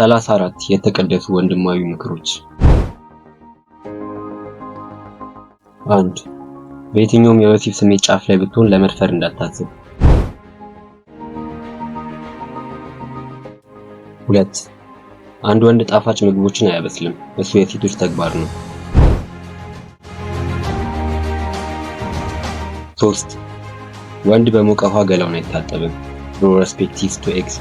ሰላሳ አራት የተቀደሱ ወንድማዊ ምክሮች። አንድ በየትኛውም የወሲብ ስሜት ጫፍ ላይ ብትሆን ለመድፈር እንዳታስብ። ሁለት አንድ ወንድ ጣፋጭ ምግቦችን አያበስልም፣ እሱ የሴቶች ተግባር ነው። ሶስት ወንድ በሞቀ ውሃ ገላውን አይታጠብም። ኖ ቱ ኤክስ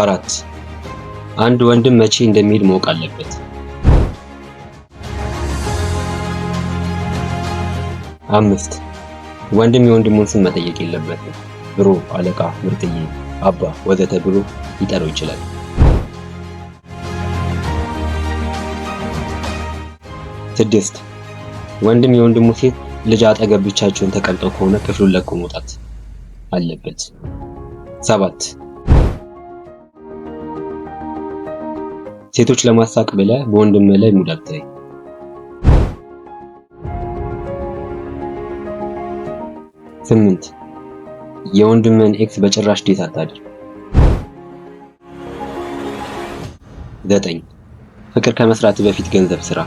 አራት አንድ ወንድም መቼ እንደሚሄድ ማወቅ አለበት። አምስት ወንድም የወንድሙን ስም መጠየቅ የለበትም። ብሮ፣ አለቃ፣ ምርጥዬ፣ አባ ወዘተ ብሎ ሊጠራው ይችላል። ስድስት ወንድም የወንድሙ ሴት ልጅ አጠገብ ብቻቸውን ተቀምጠው ከሆነ ክፍሉን ለቆ መውጣት አለበት። ሰባት ሴቶች ለማሳቅ ብለ በወንድም ላይ ሙድ አትለኝ። ስምንት የወንድምን ኤክስ በጭራሽ ዴት አታድርግ። ዘጠኝ ፍቅር ከመስራት በፊት ገንዘብ ስራ።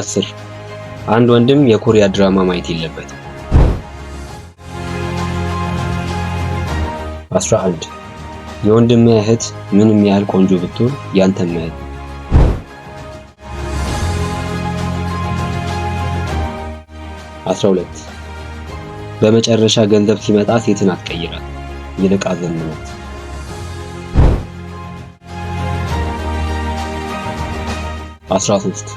አስር አንድ ወንድም የኮሪያ ድራማ ማየት የለበትም። አስራ አንድ የወንድም እህት ምንም ያህል ቆንጆ ብትሆን ያንተም እህት አስራ ሁለት በመጨረሻ ገንዘብ ሲመጣ ሴትን አትቀይራት፣ ይልቅ አዘንናት። አስራ ሶስት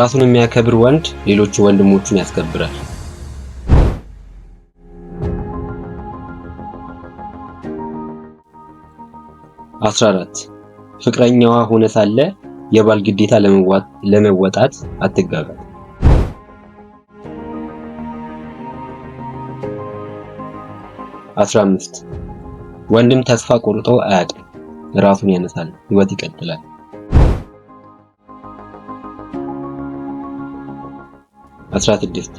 ራሱን የሚያከብር ወንድ ሌሎቹ ወንድሞቹን ያስከብራል። 14 ፍቅረኛዋ ሆነ ሳለ የባል ግዴታ ለመወጣት አትጋጋጥ። አስራ አምስት ወንድም ተስፋ ቆርጦ አያውቅም፣ ራሱን ያነሳል፣ ህይወት ይቀጥላል። አስራ ስድስት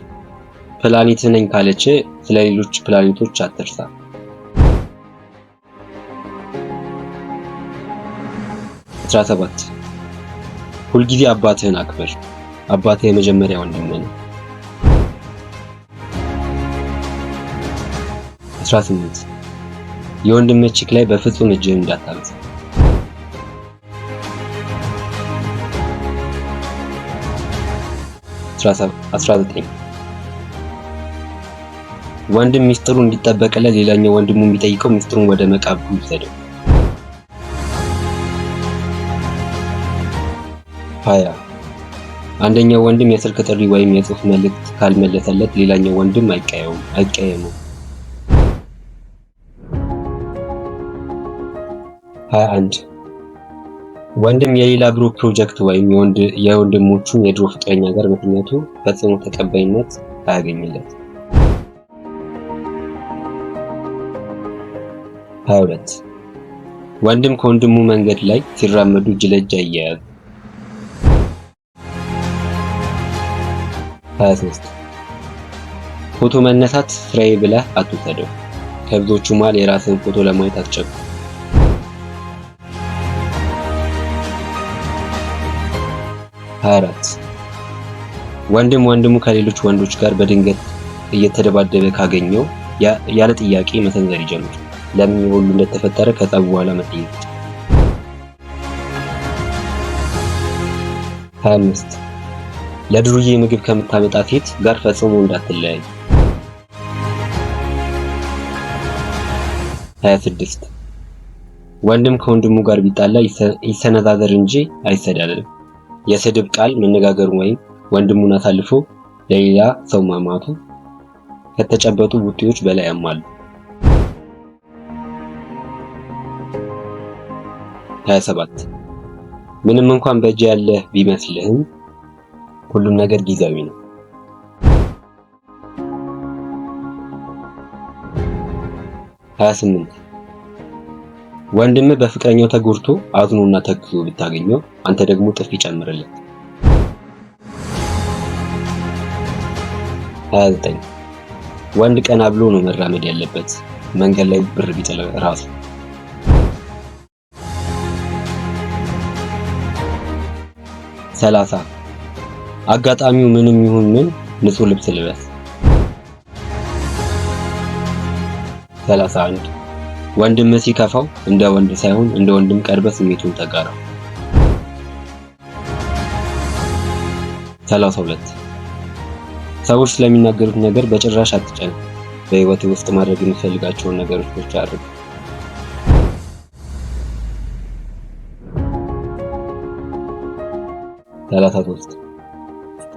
ፕላኔት ነኝ ካለች ስለ ሌሎች ፕላኔቶች አትርሳ። 17 ሁልጊዜ አባትህን አክብር። አባትህ የመጀመሪያ ወንድም ነው። 18 የወንድምህ ችክ ላይ በፍጹም እጅህን እንዳታበዛ። 19 ወንድም ሚስጥሩ እንዲጠበቅለት ሌላኛው ወንድሙ የሚጠይቀው ሚስጥሩን ወደ መቃብሩ ይውሰደው። ሀያ አንደኛው ወንድም የስልክ ጥሪ ወይም የጽሁፍ መልእክት ካልመለሰለት ሌላኛው ወንድም አይቀየሙ። አይቀየሙ። 21 ወንድም የሌላ ብሩክ ፕሮጀክት ወይም የወንድሞቹን የድሮ ፍቅረኛ ጋር ምክንያቱ ፈጽሞ ተቀባይነት አያገኝለት። 22 ወንድም ከወንድሙ መንገድ ላይ ሲራመዱ እጅ ለእጅ 23 ፎቶ መነሳት ስራዬ ብለህ አትውሰደው። ከብዙዎቹ መሃል የራስን ፎቶ ለማየት አትጨቁ። አራት ወንድም ወንድሙ ከሌሎች ወንዶች ጋር በድንገት እየተደባደበ ካገኘው ያለ ጥያቄ መሰንዘር ይጀምር። ለምን ሁሉ እንደተፈጠረ ከጸብ በኋላ መጠየቅ። 25 ለድሩዬ ምግብ ከምታመጣ ፊት ጋር ፈጽሞ እንዳትለያይ። 26 ወንድም ከወንድሙ ጋር ቢጣላ ይሰነዛዘር እንጂ አይሰዳደብ። የስድብ ቃል መነጋገሩ ወይም ወንድሙን አሳልፎ ለሌላ ሰው ማማቱ ከተጨበጡ ቡጢዎች በላይ ያማሉ። 27 ምንም እንኳን በእጅ ያለህ ቢመስልህም ሁሉም ነገር ጊዜያዊ ነው። ሀያ ስምንት ወንድምህ በፍቅረኛው ተጎድቶ አዝኖና ተክዞ ብታገኘው አንተ ደግሞ ጥፊ ጨምርለት። 29 ወንድ ቀና ብሎ ነው መራመድ ያለበት፣ መንገድ ላይ ብር ቢጥል ራሱ። 30 አጋጣሚው ምንም ይሁን ምን ንጹህ ልብስ ልበስ። 31 ወንድም ሲከፋው እንደ ወንድ ሳይሆን እንደ ወንድም ቀርበህ ስሜቱን ተጋራው። 32 ሰዎች ስለሚናገሩት ነገር በጭራሽ አትጨን። በህይወት ውስጥ ማድረግ የሚፈልጋቸውን ነገሮች ብቻ አድርግ። 33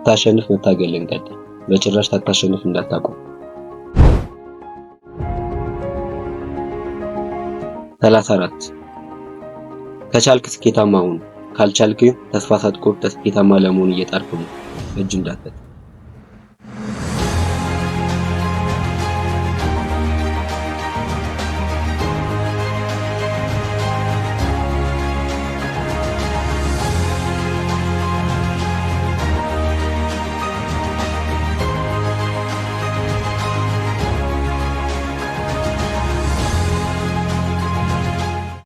ስታሸንፍ መታገል እንቀጥል። በጭራሽ ታታሸንፍ እንዳታቆም። ሰላሳ አራት ከቻልክ ስኬታማ ሁን፣ ካልቻልክ ተስፋ ሳትቆርጥ ስኬታማ ለመሆን እየጣርክ ነው። እጅ እንዳትሰጥ።